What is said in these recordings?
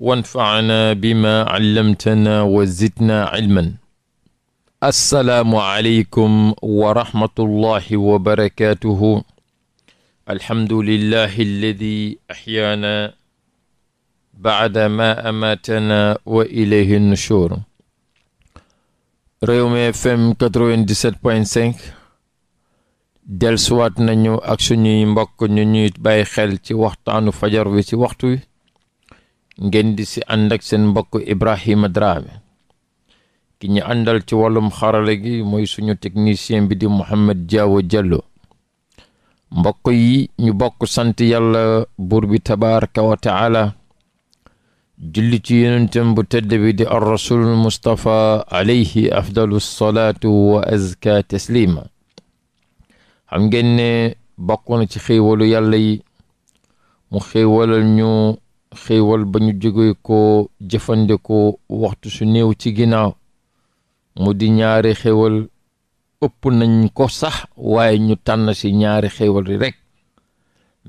wanfaanaa bimaa allamtanaa wa zidnaa ilman assalaamu aleykum wa rahmatullahi wa barakaatuhu alhamdulillahi alladi axyaanaa baada ma amaatanaa wa ilayhi nushuur Rewmi FM 97.5 delsuwaat nañu ak suñuy mbokk ñu ñuy bàyyi xel ci waxtaanu fajar wi ci waxtu wi ngeen di si ànd ak seen mbokk Ibrahima Drame ki ñu àndal ci wàllum xarala gi mooy suñu technicien bi di Mouhamed Diawo Diallo mbokk yi ñu bokk sant yàlla buur bi tabaraka wa taala julli ci yonentam bu tedd bi di ar rasulul mustapha alayhi afdalu salaatu wa azka taslima xam ngeen ne bokk na ci xéewalu yàlla yi mu xéewalal ñu xéewal ba ñu jóge ko jëfandikoo waxtu su néew ci ginnaaw mu di ñaari xéewal ëpp nañ ko sax waaye ñu tànn ci ñaari xéewal yi rekk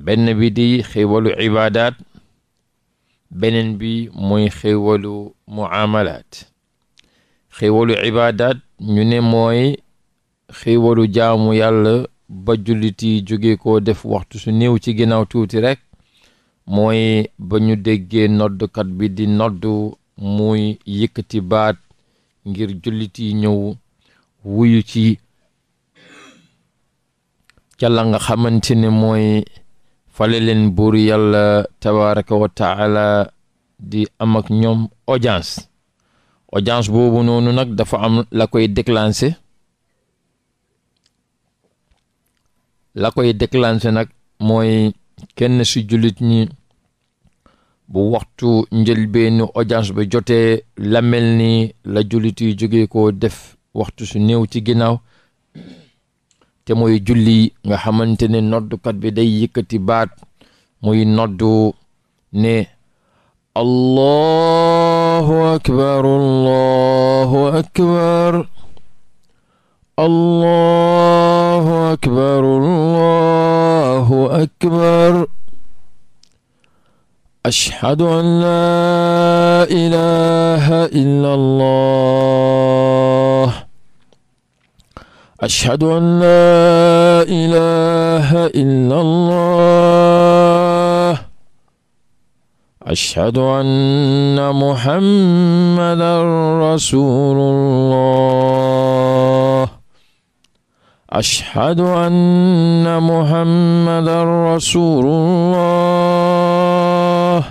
benn bi di xéewalu ibaadaat beneen bi mooy xéewalu muamalaat xéwalu ibaadaat ñu ne mooy xéwalu jaamu yàlla ba jullit yi jóge ko def waxtu su néew ci ginnaaw tuuti rekk mooy ba ñu déggee noddkat bi di noddu muy yëkkati baat ngir jullit yi ñëw wuyu ci ca la nga xamante ne mooy fale leen buur yàlla tabaraka wa di am ak ñoom audience odiance boobu noonu nag dafa am la koy déclencher la koy déclencher nag mooy kenn si jullit ñi bu waxtu njëlbeenu audience bi jote la ni la jullit yu jóge ko def waxtu su néew ci ginnaaw te mooy julli nga xamante ne noddukat bi day yëkkati baat muy noddu ne allahu akbar allahu akbar allahu akbar allahu akbar ashhadu an laa ilaaha illa allah ashhadu an laa ilaaha illa allah ashhadu anna muhammadan rasulullah أشهد أن محمدا رسول الله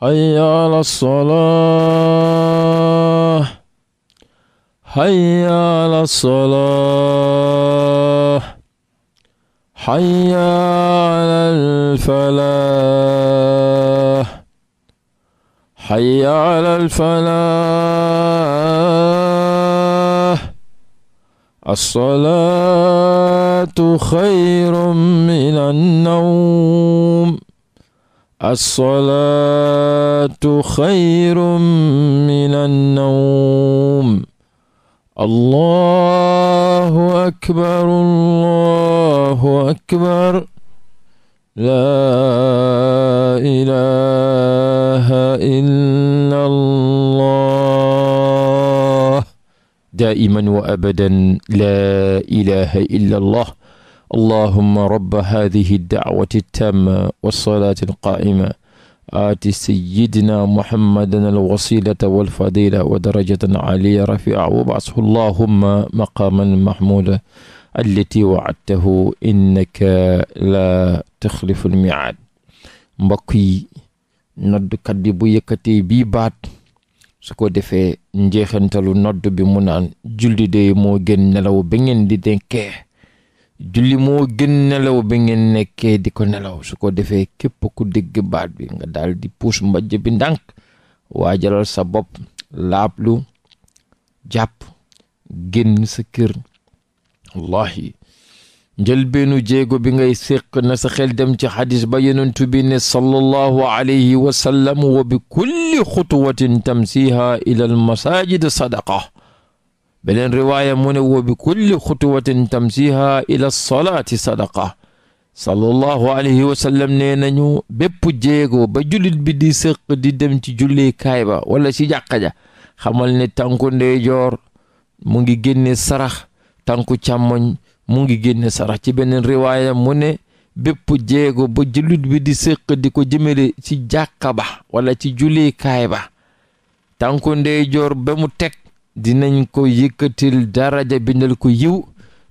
حي على الصلاة حي على الصلاة حي على الفلاح حي على الفلاح asalaatu xayrun minan nawm asalaatu xayrun minan nawm allahu akbar allahu akbar laa ilaaha illa allah دائما وابدا لا اله الا الله اللهم رب هذه الدعوه التامه والصلاه القائمه آت سيدنا محمدا الوسيلة والفضيلة ودرجة عالية رفيعة وابعثه اللهم مقاما محمودا التي وعدته إنك لا تخلف الميعاد mbokk yi noddkat bi bu yëkkatee bii baat su ko defee njeexantalu nodd bi mu naan julli de moo gën nelaw ba ngeen di nekkee julli moo gën nelaw ba ngeen nekkee di ko nelaw su ko defee képp ku dégg baat bi nga daal di puus mbajj bi ndànk jalal sa bopp laablu jàpp génn sa kër wallahi njëlbeenu jéego bi ngay séq na sa xel dem ci xadis ba yonent bi ne sallallahu alayhi wa sallam wa bi kulli xutwatin tamsiha ila al masajid sadaqa beneen riwaaya mu ne wa bi kulli xutwatin tamsiha ila salaati sadaqa sallallahu alayhi wa nee nañu bépp jéego ba julit bi di séq di dem ci julleekaay ba wala ci jàkka xamal ne tànku ndeyjoor mu ngi génne sarax tànku càmmoñ mu ngi génne sarax ci beneen riwaaya mu ne bépp jéego ba jullit bi di sëq di ko jëmale ci jàkka ba wala ci jullikaay ba tànku ndeyjoor ba mu teg dinañ ko yëkkatil daraja bindal ko yiw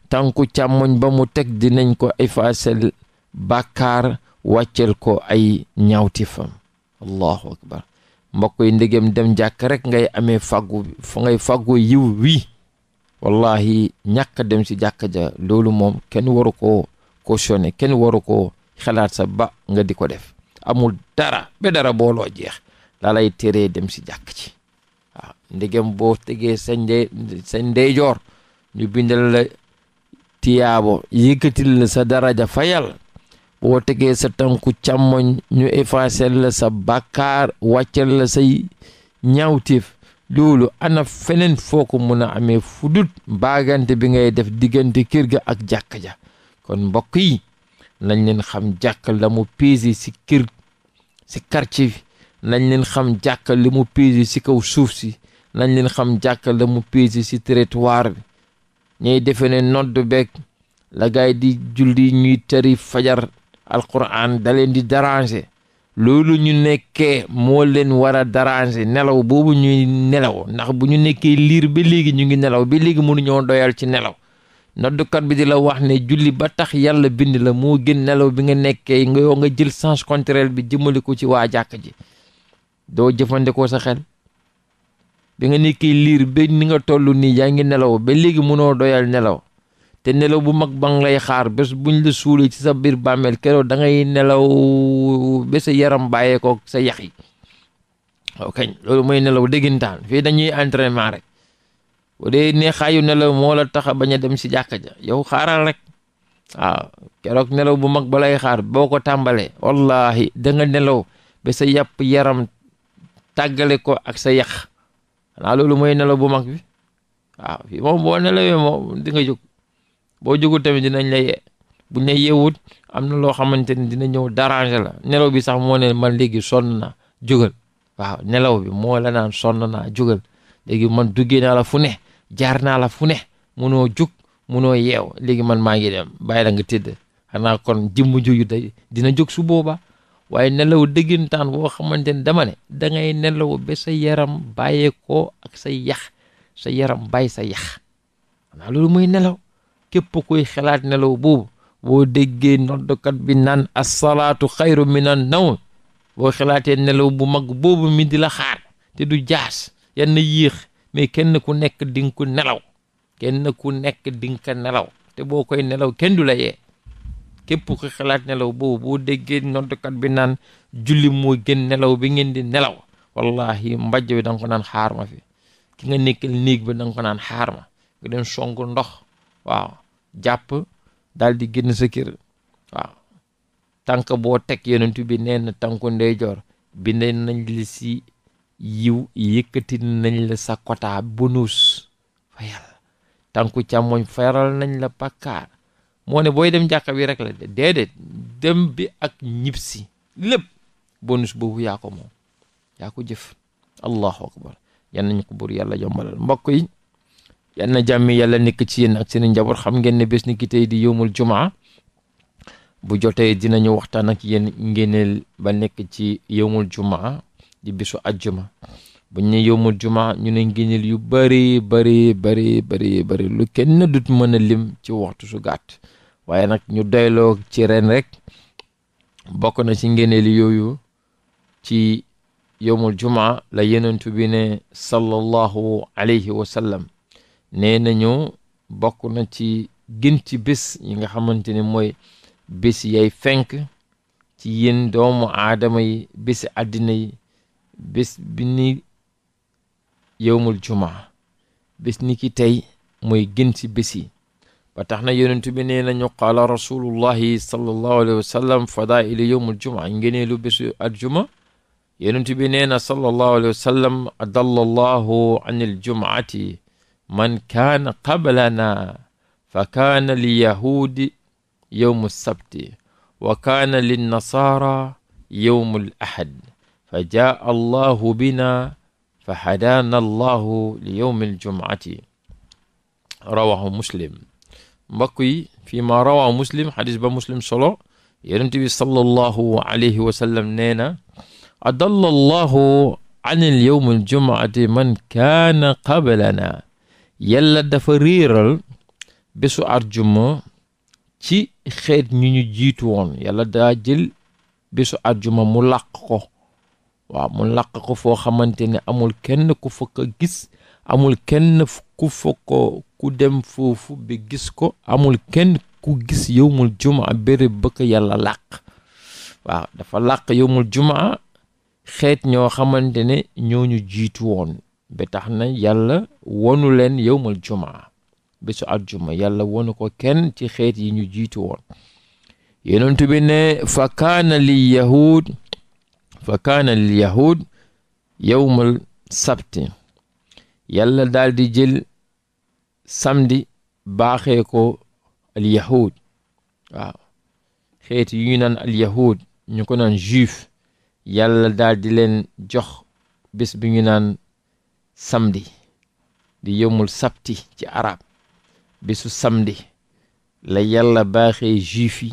tànku càmmoñ ba mu teg dinañ ko ay effacer bàkkaar wàccel ko ay ñaawtifam allahu akbar mbokk yi ndegem dem jàkk rek ngay amee faggu fa ngay faggu yiw wi wallahi ñàkk dem si jàkk ja loolu moom kenn waru koo cautionné kenn waru ko xalaat sa ba nga di ko def amul dara ba dara booloo jeex la lay teree dem si jàkk ci waaw ndegem boo tegee sa ndey ndeyjoor ñu bindal la tiyaabo yëgatil la sa daraja fayal boo tegee sa tànku càmmoñ ñu effacer la sa bàkkaar wàccal la say ñaawteef loolu ana feneen foo ko mun a amee fudut mbaagante bi ngay def diggante kër ga ak jàkka ja kon mbokk yi nañ leen xam jàkka la mu pesé ci kër ci quartier bi nañ leen xam jàkka la mu pesé ci kaw suuf si nañ leen xam jàkka la mu pesé ci territoire bi ñuy defe ne nodd beeg la di julli ñuy tari fajar alquran da leen di déranger loolu ñu nekkee moo leen war a nelaw boobu ñuy nelaw ndax bu ñu nekkee liir ba léegi ñu ngi nelaw ba léegi mënuñoo doyal ci nelaw noddukat bi di la wax ne julli ba tax yàlla bind la moo gën nelaw bi nga nekkee nga yow nga jël sens contraire bi jëmale ko ci waa jàkk ji doo jëfandikoo sa xel bi nga nekkee liir ba ni nga toll nii yaa ngi nelaw ba léegi mënoo doyal nelaw te nelaw bu mag ba nga lay xaar bés buñ la suulee ci sa biir bàmmeel keroog da nelaw ba sa yaram bàyyeekoo sa yax yi waaw kañ mooy nelaw déggintaan fii dañuy entraînement rek bu dee nelaw moo tax a dem si jàkka yow xaaral rek keroog nelaw bu mag ba lay xaar boo ko tàmbalee wallahi da nelaw ba sa yàpp yaram tàggale ko ak sa yax xanaa loolu mooy nelaw bu mag bi waaw moom boo nelawee moom di nga boo jógul tamit dinañ la yee buñ la yeewut am na loo xamante ni dina ñëw déranger la nelaw bi sax moo ne man léegi sonn na jógal waaw nelaw bi moo la naan sonn naa jógal léegi man duggee naa la fu ne jaar naa la fu ne munoo jug munoo yeew léegi man maa ngi dem bàyyi la nga tëdd xanaa kon jëmm juju day dina jug su booba waaye nelaw dëggantaan boo xamante ni dama ne da ngay nelaw ba sa yaram bàyyee ko ak sa yax sa yaram bàyyi sa yax xanaa loolu mooy nelaw képp kuy xalaat nelaw boobu boo déggee noddukat bi naan asalaatu xayru min an naw boo xalaatee nelaw bu mag boobu mi di la xaar te du jaas yan na yéex mais kenn ku nekk di nelaw kenn ku nekk di nelaw te boo koy nelaw kenn du la yee képp ku xalaat nelaw boobu boo déggee noddukat bi naan julli moo gën nelaw bi ngeen di nelaw wallahi mbajj bi da nga ko naan xaar ma fi ki nga nekkal néeg bi da nga ko naan xaar ma nga dem songu ndox waaw jàpp daal di génn sa kër waaw tànk boo teg yonent bi nee na tànku bi bind nañ la si yiw yëkkati nañ la sa kotaa bonus fa yàlla tànku càmmoñ faral nañ la pàkkaar moo ne booy dem jàkka bi rek la de dem bi ak ñib si lépp bonus boobu yaa ko moom yaa ko jëf allahu akbar yan nañ ko buur yàlla jombalal mbokk yi yal na jàmmi yàlla nekk ci yéen ak seen njaboot xam ngeen ne bés ni ki tey di yowmul jumaa bu jotee dina dinañu waxtaan ak yéen ngeeneel ba nekk ci yowmul jumaa di bésu ajjuma bu ñu ne yowmul jumaa ñu ne ngeeneel yu bari bari bari bari lu kenn dut mën a lim ci waxtu su gàtt waaye nag ñu doyloo ci ren rek bokk na ci ngeeneel yooyu ci yowmul jumaa la yenentu bi ne sallallahu alayhi wa sallam nee nañu bokk na ci gën ci bés yi nga xamante ne mooy bés yay fenk ci yéen doomu aadama yi bési àddina yi bés bi ni yowmul jumaa bés ni ki tey mooy gën ci bés yi ba tax na yonent bi nee nañu qaala rasulullahi sallallahu alayhi wa sallam fadaailu yowmul jumaa ngenee lu aljuma yonent bi nee na sallallahu alayhi wa sallam adallallahu an al man kaana qablana fa kaana lilyahudi yowmu lsabti wa kaana linnasara yowmu l ahad fa jaa allahu bina fa hadaana allahu li yowmi ljumati rawahu muslim mbokk yi fii ma rawahu muslim xadis ba muslim solo yonent bi sallallahu alayhi wa sallam nee na adalla allahu an al yowm aljumati man kaana qablana yàlla dafa réeral bésu arjuma ci xeet ñu ñu jiitu woon yàlla daa jël bésu arjuma mu làq ko waaw mu làq ko foo xamante ne amul kenn ku fa ko gis amul kenn ku fa ko ku dem foofu bi gis ko amul kenn ku gis yowmul juma béréb ba ko yàlla làq waaw dafa làq yowmul juma xeet ñoo xamante ne ñoo ñu jiitu woon ba tax na yàlla wonu leen yowmal jumaa bésu ak aljuma yàlla wonu ko kenn ci xeet yi ñu jiitu woon yonent bi ne fa kaana lil yahud fa kaana lil yahud yowmal sabti yàlla daal di jël samdi baaxee ko al yahud waaw xeet yu ñu naan al yahud ñu ko naan juif yàlla daal di leen jox bés bi ñu naan samdi di yowmul sabti ci arab bisu samedi la yàlla baaxee juif yi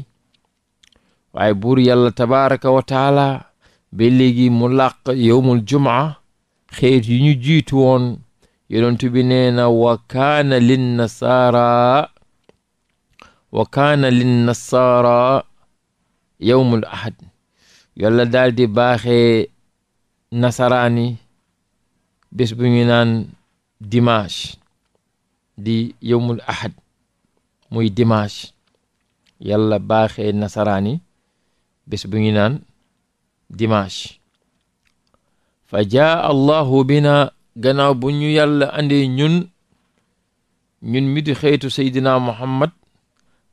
waaye buur yàlla tabaraka wa taala ba léegi mu làq yowmul jumaa xeet yu ñu jiitu woon yonent bi nee na wa lin nasaara wa kaana lin nasaara ahad yàlla daal di baaxee nasaraani bés bu ñu naan dimanche di yowmul ahad muy dimanche yàlla baaxee nasaraan yi bés bu ñu naan dimanche fa jaa allahu bina gannaaw bu ñu yàlla andee ñun ñun mi di xeetu seydina muhammad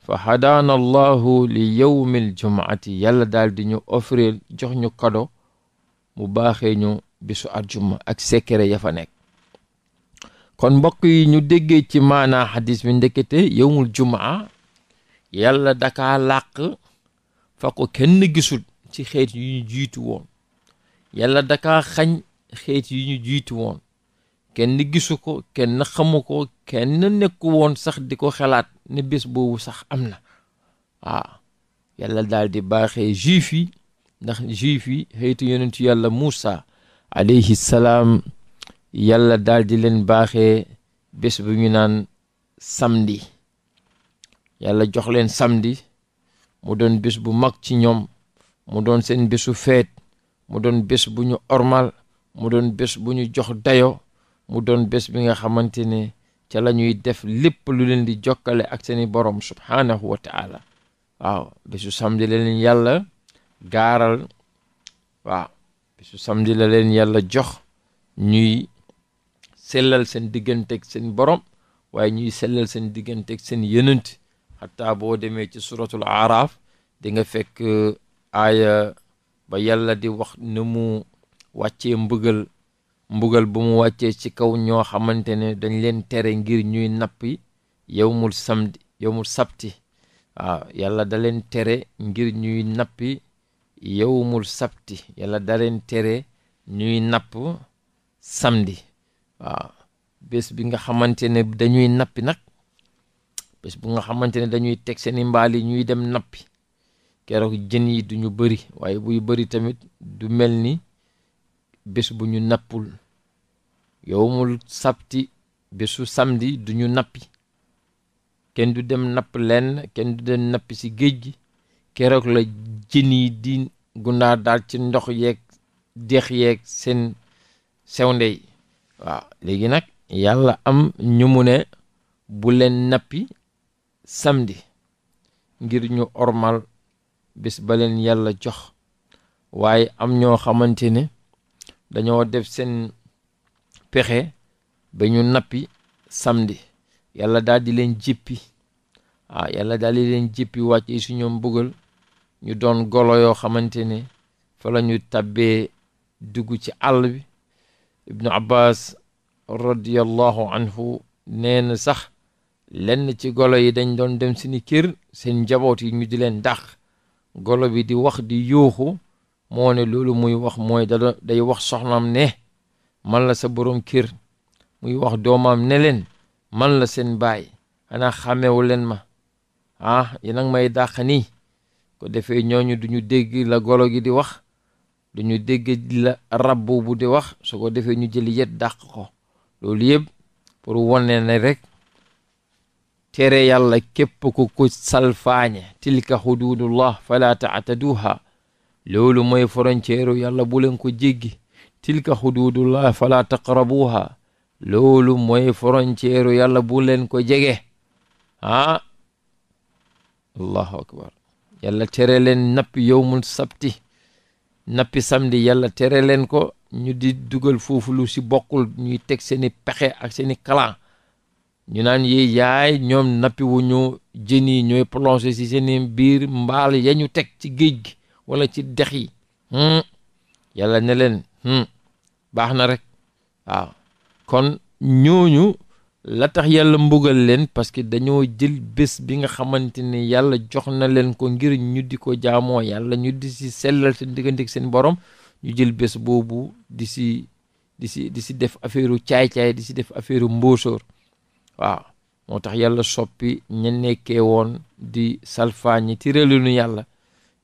fa hadaana allahu li yowmil jumaati yàlla dal di ñu offrir jox ñu kado mu baaxee ñu bisu juma ak sekere ya fa nekk kon mbokk yi ñu déggee ci maanaa xadis bi ndekete yowmul juma yàlla dakaa làq fa ko kenn gisul ci xeet yu ñu jiitu woon yàlla dakaa xañ xeet yu ñu jiitu woon kenn gisu ko kenn xamu ko kenn nekku woon sax di ko xalaat ne bés boobu sax am na waaw yàlla daal di baaxee juif yi ndax juif yi xeetu yonentu yàlla Muusa alayhi salaam yàlla daal leen baaxe bés bu ñu naan samedi yàlla jox leen samdi mu doon bés bu mag ci ñoom mu doon seen bésu feet mu doon bés bu ñu ormal mu doon bés bu ñu jox dayo mu doon bés bi nga xamante ne ca la ñuy def lépp lu leen di jokkale ak seeni borom subhaanahu wa waaw bésu samedi leen yàlla gaaral waaw bisu samedi la leen yàlla jox ñuy sellal seen digganteeg seen borom waaye ñuy sellal seen digganteeg seen yënant xataa boo demee ci suratul aaraaf di nga fekk uh, aaya ba yàlla di wax ne mu wàccee mbugal mbugal bu mu wàccee ci kaw ñoo xamante ne dañ leen tere ngir ñuy nappi yowmul leen tere ngir ñuy nappi yowmul sabti yàlla dareen tere ñuy napp samdi waaw bés bi nga xamante ne dañuy nappi nag bés bu nga xamante ne dañuy teg seeni mbaal ñuy dem nappi keroog jën yi duñu bëri waaye buy bëri tamit du mel ni bés bu ñu nappul yowmul sabti bésu samedi duñu nappi kenn du dem napp lenn kenn du dem nappi ci géej gi keroog la jën yi di gundaa daal ci ndox yeeg dex yeeg seen sewnde yi waaw léegi nag yàlla am ñu mu ne bu leen nappi samdi ngir ñu ormal bés ba leen yàlla jox waaye am ñoo xamante ne dañoo def seen pexe ba ñu nappi samdi yàlla daal di leen jéppi ah yàlla daal di leen jéppi wàcce su ñoom bugal ñu doon golo yoo xamante ne fa lañu ñu tabbee dugg ci àll bi ibnu abbas radiallahu anhu nee na sax lenn ci golo yi dañ doon dem seeni kër seen njaboot yi ñu di leen dàq golo bi di wax di yuuxu moo ne loolu muy wax mooy da day wax soxnaam ne man la sa boroom kër muy wax doomam ne leen man la seen baay xanaa xàmmewu leen ma ah yéen a ngi may dàq nii ko defee ñooñu duñu dégg la golo gi di wax duñu dégg la rabbu bu di wax su ko defee ñu jël yet dàq ko loolu yëpp pour wane ne rek tere yàlla képp ku ko salfaañe tilka xududullah fala taataduha loolu mooy frontière yàlla bu leen ko jéggi tilka xududullah fala taqrabuha loolu mooy frontière yàlla bu leen ko jege ah allahu akbar yàlla tere leen nappi yowmul sabti nappi samedi yàlla tere leen ko ñu di dugal foofu lu si bokkul ñu teg seeni pexe ak seeni kalan ñu naan yi yaay ñoom nappi wu ñu jën yi ñooy plongé si seeni biir mbaal ya ñu teg ci géej gi wala ci dex yi hmm. yàlla ne leen hmm, baax na rek waaw kon ñooñu la tax yàlla mbugal leen parce que dañoo jël bés bi nga xamante ne yàlla jox na leen ko ngir ñu di ko jaamoo yàlla ñu di si sellal seen diggante seen borom ñu jël bés boobu di si di si di si def affaire caay-caay di si def affaire mbóosóor waaw moo tax yàlla soppi ña nekke woon di salfaañi tiralinu yàlla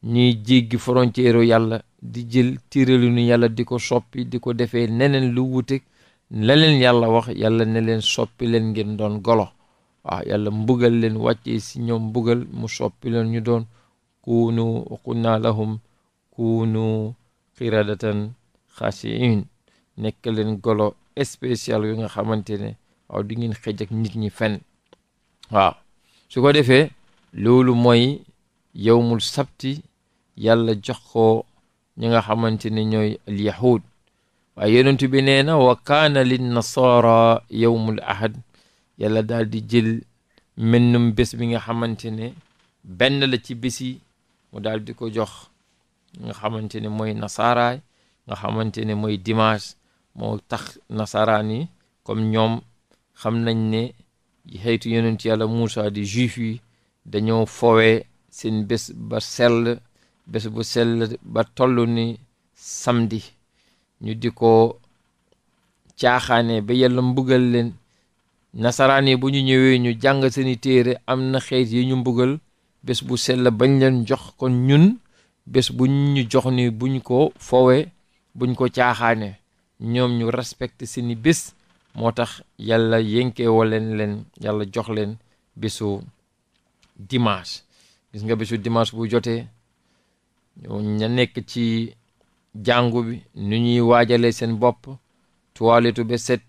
ñuy jéggi frontière yàlla di jël tiralinu yàlla di ko soppi di ko defee neneen lu wutek la yàlla wax yàlla ne leen soppi leen ngeen doon golo waaw yàlla mbugal leen wàccee si ñoom mbugal mu soppi leen ñu doon kuunu qulna lahum kuunu qiradatan xaasiin nekk leen golo spécial yu nga xamante ne waaw di ngeen xëj ak nit ñi fen waaw su ko defee loolu mooy yowmul sabti yàlla jox ko ñi nga xamante ne ñooy al waaye yonent bi nee na wa kaana lin nasara yowmul ahad yàlla daal di jël mennum bés bi nga xamante ne benn la ci bés yi mu daal di ko jox nga xamante ne mooy nasaraay nga xamante ne mooy dimanche moo tax nasaraan yi comme ñoom xam nañ ne xeetu yonent yàlla Muusa di juif yi dañoo fowee seen bés ba sell bés bu sell ba toll ni samdi ñu di ko caaxaane ba yàlla mbugal leen nasaraan yi bu ñu ñëwee ñu jàng seeni téere am na xeet yi ñu mbugal bés bu sell bañ leen jox kon ñun bés bu ñu jox ni buñ ko fowe buñ ko caaxaane ñoom ñu respecté seeni bés moo tax yàlla yénkeewo leen leen yàlla jox leen bésu dimanche gis nga bésu dimanche bu jotee ña nekk ci jàngu bi nu ñuy waajale seen bopp tuwaletu ba set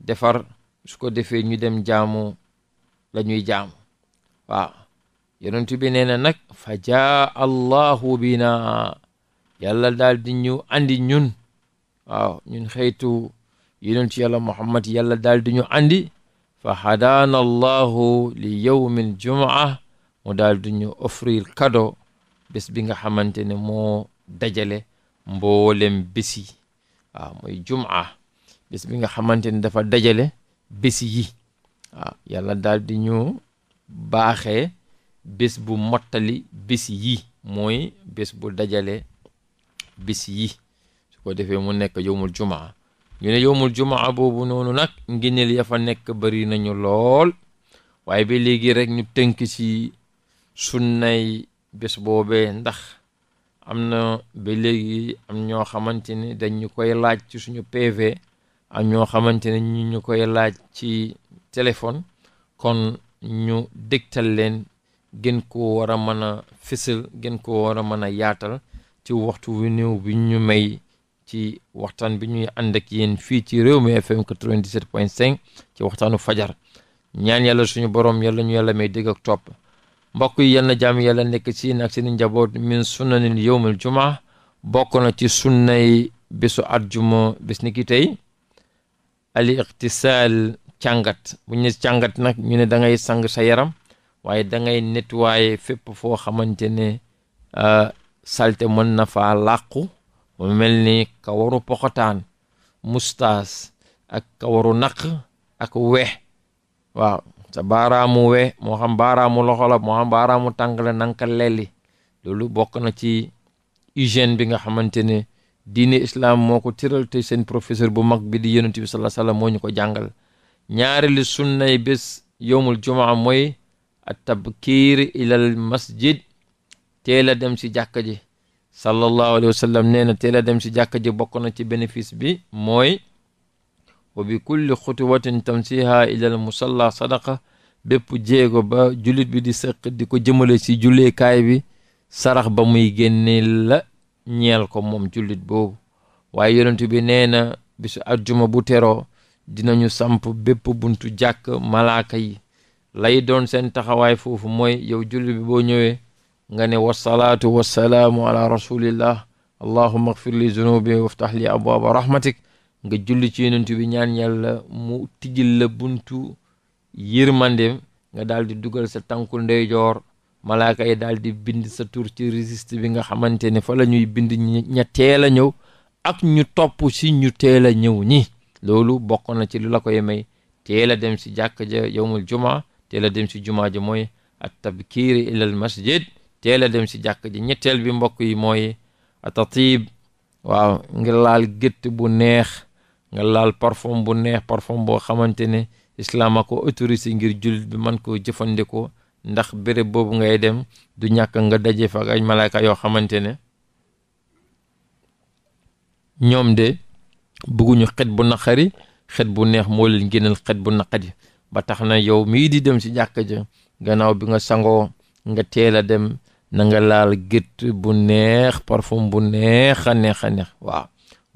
defar su ko defee ñu dem jaamu la ñuy jaamu waaw yonent bi nee na nag fa jaa allahu bina yàlla daal di ñu andi ñun waaw ñun xëytu yonent yàlla muhammad yàlla daal di ñu andi fa hadaana allahu li yawmil jumaa mu daal di ñu ofrir kado bés bi nga xamante ne moo dajale mboolem bés yi waaw mooy jumaa bés bi nga xamante ni dafa dajale bés yi waaw yàlla daal di ñu baaxe bés bu mottali bés yi mooy bés bu dajale bés yi su ko defee mu nekk yowmul jumaa ñu ne yowmul jumaa boobu noonu nag ngéneel ya fa nekk bari nañu lool waaye ba léegi rek ñu tënk ci sunnay bés boobee ndax am na ba léegi am ñoo xamante ni dañ ñu koy laaj ci suñu PV am ñoo xamante ne ñu ñu koy laaj ci téléphone kon ñu dégtal leen gën ko war a mën a fësal gën koo war a mën a yaatal ci waxtu wu néew bi ñu may ci waxtaan bi ñuy ànd ak yéen fii ci réew mi FM 97.5 ci waxtaanu fajar ñaan yàlla suñu borom yàlla ñu yàlla may dégg ak topp mbokk yi yal na jàmm yàlla nekk ci yéen ak seen njaboot min sunnanin yowmal jumaa bokk na ci sunnay bésu àjjuma bés ni ki tey al iqtisaal càngat bu ñu càngat nag ñu ne dangay ngay sang sa yaram waaye da ngay nettoyer fépp foo xamante ne euh, salte mën na faa làqu mu mel ni kawaru poxotaan mustaas ak kawaru naq ak weex waaw sa baaraamu we moo xam baaraamu loxo la moo xam baaraamu tànk nanka lelli loolu bokk na ci hygiène bi nga xamante ne diine islam moo ko tiral te seen professeur bu mag bi di yonent bi sallallahu alayhi wasallam moo ñu ko jàngal ñaari li sunnay bés yowmul jumaa mooy at tabkiir ilal masjid teel a dem si jàkka ji sallallahu alayhi wasallam nee na teel a dem si jàkka ji bokk na ci bénéfice bi mooy wa bi kulli xutuwatin tamsiha ilal musalla sadaqa bépp jéego ba jullit bi di sëq di ko jëmale ci julleekaay bi sarax ba muy génne la ñeel ko moom julit boobu waaye yonent bi nee na bisu ajjuma bu tero dinañu samp bépp buntu jàkk malaaka yi lay doon seen taxawaay foofu mooy yow jullit bi boo ñëwee nga ne wasalaatu wasalaamu ala rasulillah allahuma agfir li zunubi waftah li abwaaba rahmatik nga julli ci yonent bi ñaan yàlla mu tijjil la buntu yërmandeem nga daal di dugal sa tànku ndeyjoor malaaka yi daal di bind sa tur ci registre bi nga xamante ne fa la ñuy bind ña teel a ñëw ak ñu topp si ñu teel a ñëw ñi loolu bokk na ci lu la koy may teel a dem si jàkk ja yowmul jumaa teel a dem si jumaa ja mooy at tabkiiri a dem si jàkk ja ñetteel bi mbokk yi mooy atatib waaw ngir laal gétt bu neex nga laal parfum bu neex parfum boo xamante ne islaam a ko autorisé ngir jullit bi mën koo jëfandikoo ndax béréb boobu ngay dem du ñàkk nga daje fa ak ay yoo xamante ne ñoom de bëgguñu xet bu naqari xet bu neex moo leen génnal xet bu naqari ba tax na yow mii di dem ci jàkka ja gannaaw bi nga sangoo nga teel a dem na nga laal gétt bu neex parfum bu neex a neex a neex waaw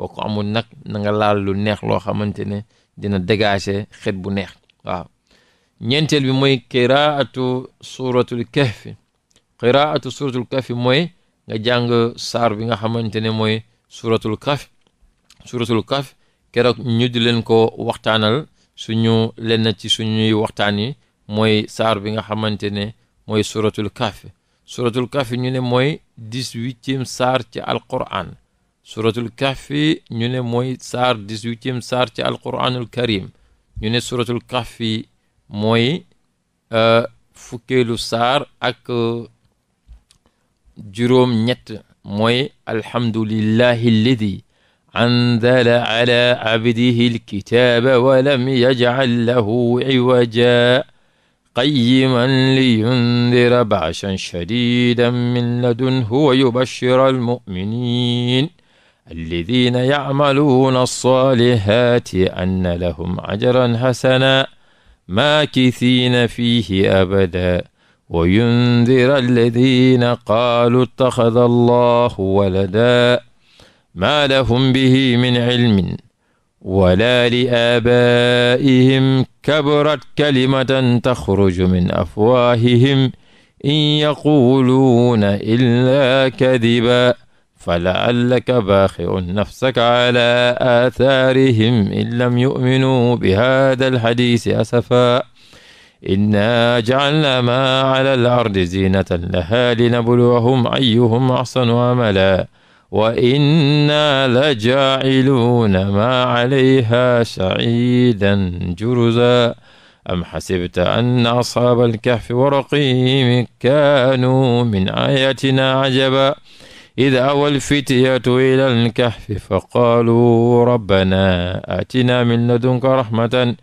boo ko amul nag na nga laal lu neex loo xamante ne dina dégager xet bu neex waaw ñeenteel bi mooy qiraatu suratul kahfi qiraatu suratul kahfi mooy nga jàng saar bi nga xamante ne mooy suratul kahf suuratul kahf keroog ñu di leen ko waxtaanal suñu lenn ci suñuy waxtaan yi mooy saar bi nga xamante ne mooy suratul kahf suratul kahf ñu ne mooy dix-huitième saar ci alquran suratul kahfi ñu ne mooy saar dix-huitième saar ci alquranul karim ñu ne suratul kahfi mooy euh, fukkeelu saar ak euh, juróom ñett mooy alhamdulillahi alladi anzala ala abdihi alkitaba walam yajcal lahu iwaja qayyiman liyundira ba'san shadidan min ladunhu wa yubashira almuminin الذين يعملون الصالحات أن لهم أجرا حسنا ماكثين فيه أبدا وينذر الذين قالوا اتخذ الله ولدا ما لهم به من علم ولا لآبائهم كبرت كلمة تخرج من أفواههم إن يقولون إلا كذبا falaallaka baaxiun nafsaka ala aathaarihim in lam yuminuu bi haada alxadisi asafa inna jacalna ma ala alardi zinatan laha linabluwahum ayuhum axsanu amala wa inna la jaaciluuna ma alayha saciidan juruza am xasibta anna asxaaba alkahfi wa raqiimi kaanuu min aayaatina cajaba إذ أوى الفتية إلى الكهف فقالوا ربنا آتنا من لدنك رحمة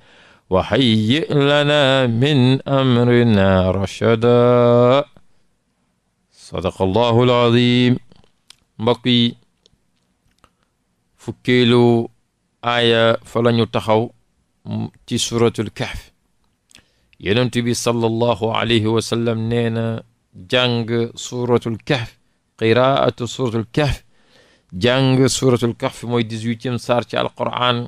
وهيئ لنا من أمرنا رشدا sadaqallahu alazim mbokk yi fukkeelu aaya fa la ñu taxaw ci suratul kahf yonent bi sallallahu alayhi wa sallam nee na jàng suratul kahf qiraatu suratul kahf jàng suratul kahf mooy dix-huitième saar ci alquran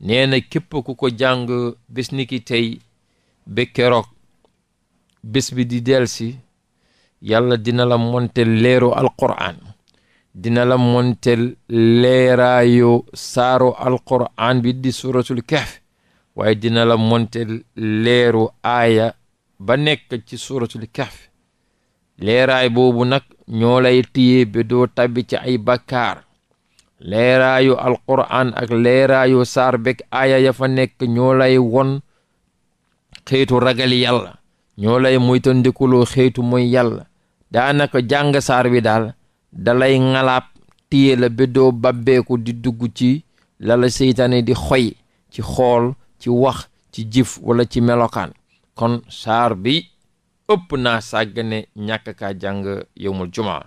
nee na képp ku ko jàng bés ni ki tey keroog bés bi di delsi yàlla dina la montel leeru alquran dina la montel leeraayu saaru alquran bi di suratul kahf waaye dina la montel leeru aaya ba nekk ci suratul kahf leeraay boobu nag ñoo lay téye ba doo ci ay bakkaar leeraayu alquran ak leeraayu saar bek aaya ya fa nekk ñoo lay won xeetu ragal yàlla ñoo lay moytandikuloo xeetu mooy yàlla daanaka jàng saar bi daal dalay ngalaab téye la ba doo babbeeku di dugg ci lala seytaane di xoy ci xool ci wax ci jif wala ci melokaan kon saar bi ëpp naa sàggane ñàkk kaa jàng yowmul jumaa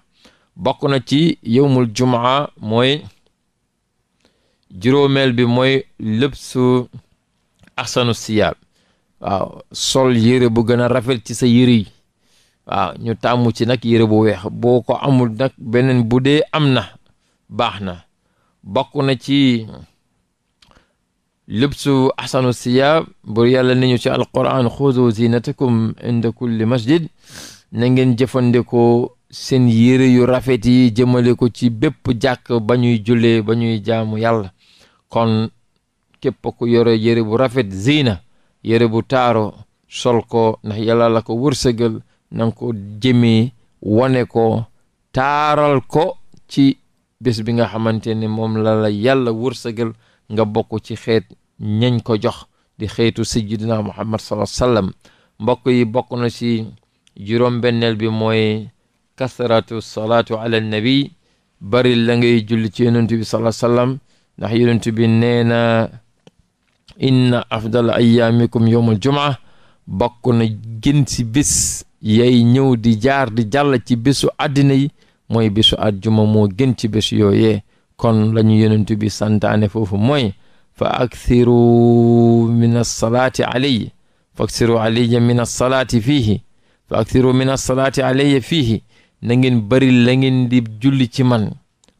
bokk na ci yowmul jumaa mooy juróomeel bi mooy lépp su axsanu waaw sol yére bu gën a rafet ci sa yére yi waaw ñu tàmmu ci nag yére bu weex boo ko amul nag beneen bu dee am na baax na bokk na ci lubsu ahsanu siyaab bur yàlla nañu ci alquran xuzu zinatakum inda kulli masjid na ngeen jëfandikoo seen yére yu rafet yi jëmale ko ci bépp jàkk ba ñuy jullee ba ñuy jaamu yàlla kon képp ku yore yére bu rafet zina yére bu taaro sol ko ndax yàlla la ko wërsëgal na nga ko jëmee wane ko taaral ko ci bés bi nga xamante ne moom la la yàlla wërsëgal nga bokk ci xeet ñañ ko jox di xeetu sayyidina muhammad sallallahu alayhi wasallam mbokk yi bokk na ci juróom-benneel bi mooy kasratu salaatu ala nabi bari la ngay julli ci yonent bi sallallahu alayhi wasallam ndax yonent bi nee na inna afdal ayaamikum yowmal jumaa bokk na gën ci bis yay ñëw di jaar di jàll ci bésu àddina yi mooy bésu àjjuma moo gën ci bésu yooyee kon la ñu yonent santaane foofu mooy fa akthiru min assalaati alayya fa akthiru alayya min assalaati fiihi fa akthiru min assalaati alayya fiihi na ngeen bari la ngeen di julli ci man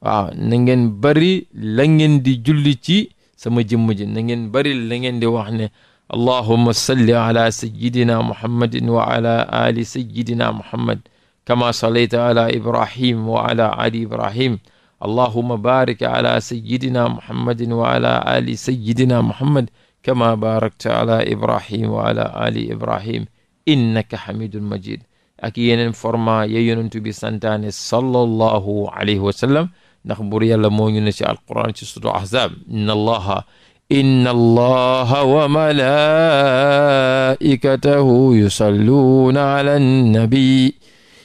waaw na ngeen bari la ngeen di julli ci sama jëmm ji na ngeen bari la ngeen di wax ne allahumma salli ala sayyidina muhammadin wa ala ali sayyidina muhammad kama sallayta ala ibrahim wa ali ibrahim allahuma barik ala sayidina muhammadin wa ala ali sayidina muhammad kama barakta ala ibrahim wa ala ali ibrahim innaka hamidun majid ak yeneen format ya yonentu bi santaane sallallahu alayhi wa sallam ndax buur yàlla moo ñu ne ci alquran ci sutu ahzab inna allaha inna allaha wa malaikatahu yusalluuna ala annabi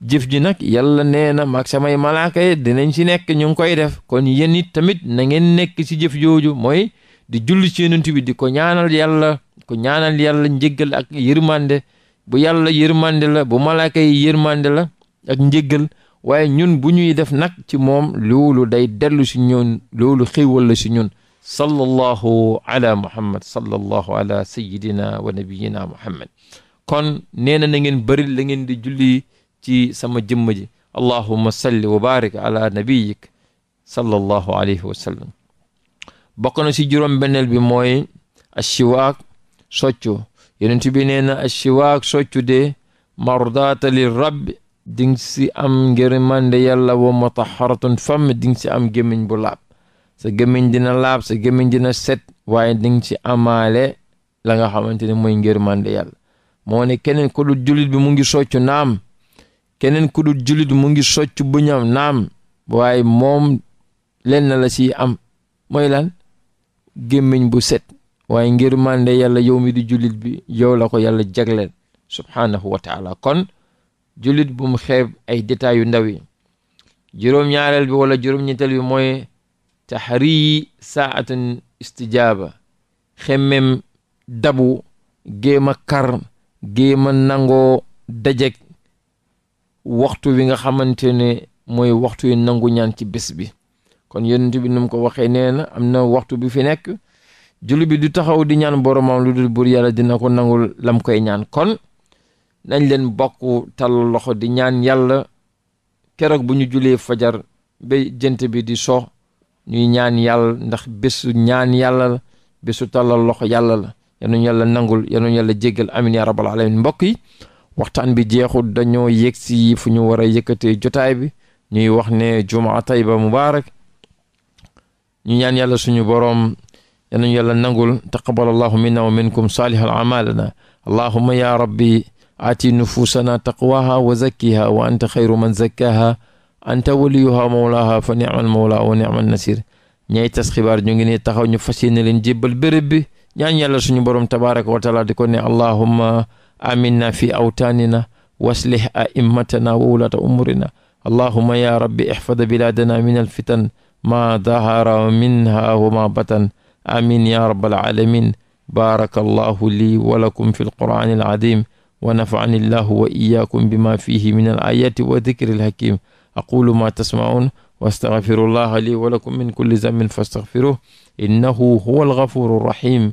jëf ji nag yalla nee na mag samay malaaka yi dinañ si nekk ñu ngi koy def kon yéen it tamit na ngeen nekk si jëf jooju mooy di julli ci yonent tiwi di ko ñaanal yalla ko ñaanal yalla njëggal ak yërmande bu yàlla yërmande la bu malaaka yi yërmande la ak njëggal waaye ñun bu ñuy def nag ci moom loolu day dellu si ñun loolu xéewal si ñun sallallahu ala muhammad sallallahu ala sayyidina wa nabiyina muhammad kon nee na na ngeen bëri la ngeen di julli ci sama jëmm ji allahuma salli wa barik ala nabiyik sallallahu alayhi wa sallam na si juróom-benneel bi mooy ashiwaak soccu yonent bi nee na ashiwaak soccu de mardaata li rabbi ding si am ngërmande yàlla wa mutaharatun fam ding si am gémmiñ bu laab sa gémmiñ dina laab sa gémmiñ dina set waaye ding si amaale la nga xamante ne mooy ngërmande yàlla moo ne keneen ko du bi mu ngi soccu naam keneen ku dul mu ngi socc bu ñam naam waaye moom lenn la ci am mooy lan gémmiñ bu set waaye ngir mànde yàlla yow mi di julit bi yow ko yàlla jagleel subhaanahu wa kon julit bu mu xeeb ay détails yu ndaw yi juróom-ñaareel bi wala juróom-ñetteel bi mooy taxariyi saatun istijaaba xemmem dabu géem a kar géem a nangoo dajeg waxtu wi nga xamante ne mooy waxtu wi nangu ñaan ci bés bi kon yonent bi nu mu ko waxee nee na am na waxtu bi fi nekk julli bi du taxaw di ñaan boromam lu dul buur yàlla dina ko nangul lam koy ñaan kon nañ leen bokk tal loxo di ñaan yàlla keroog bu ñu julee fajar ba jënt bi di soo ñuy ñaan yàlla ndax bésu ñaan yàlla la bésu tàllal loxo yàlla la yal nañu yàlla nangul yal nañu yàlla jéggal amin ya rabbal alamin mbokk yi waxtaan bi jeexul dañoo yegg si fu ñu war a yëkkatee jotaay bi ñuy wax ne jumaa tayba mubaarak ñu ñaan yàlla suñu boroom yal nañu yàlla nangul taqabalallahu minna wa minkum saalihal amalana allahumma ya rabbi aati nufuusana taqwaha wa zakkiha wa anta xayru man zakkaha anta waliyuha mawlaha fa ni'mal mawla wa ni'mal nasir ñay tas xibaar ñu ngi ne taxaw ñu fas yéene leen jébbal béréb ñaan yàlla suñu borom tabaraka wa di ko aminna fi awtaanina waslih a'immatana wa wulata umurina allahuma ya rabbi ihfad biladana min alfitan ma dahara minha wa ma batan amin ya rabbal alamin baraka allahu lii wa lakum fi alqur'ani alazim wa nafa'ani allahu wa iyyakum bima fihi min alayati wa dhikri alhakim aqulu ma tasma'un wa astaghfirullaha lii wa lakum min kulli dhanbin fastaghfiruhu innahu huwa alghafuru rahim